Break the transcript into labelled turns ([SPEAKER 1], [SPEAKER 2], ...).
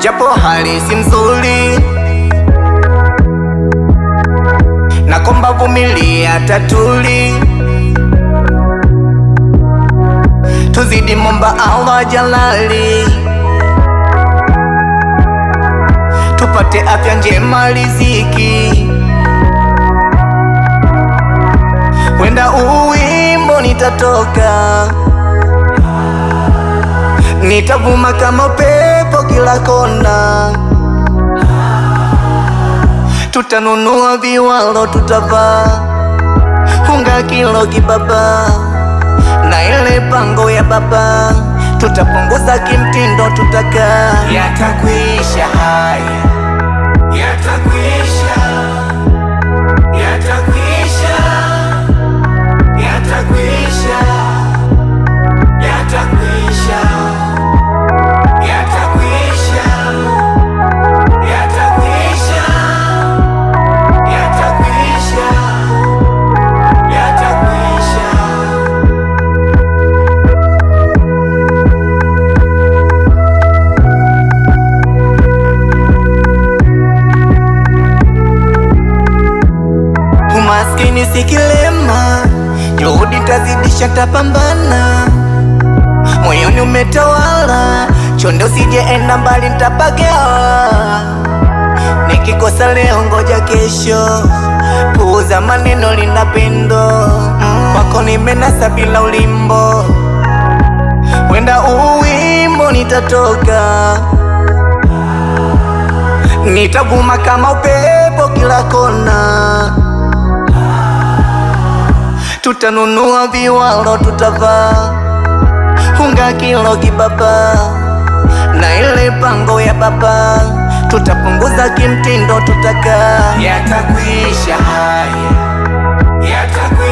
[SPEAKER 1] japo hali si mzuri, na komba vumilia, tatuli tuzidi momba Allah jalali, tupate afya njema, riziki wenda uwimbo nitatoka nitavuma kama pe kona, tutanunua viwalo, tutavaa hunga kilo kibaba, na ile pango ya baba tutapunguza kimtindo, tutakaa
[SPEAKER 2] yatakwisha haya
[SPEAKER 1] mimi si kilema, juhudi tazidisha, tapambana, moyoni umetawala, chonde usijeenda mbali, ntapagawa. Nikikosa leo ngoja kesho, puuza maneno, lina pendo mm, kwako nimenasa bila ulimbo, wenda uwimbo nitatoka, nitaguma kama upepo kila kona tutanunua viwalo, tutavaa hunga kilo kibaba, na ile pango ya baba tutapunguza kimtindo, tutakaa.
[SPEAKER 2] Yatakwisha haya, yatakwisha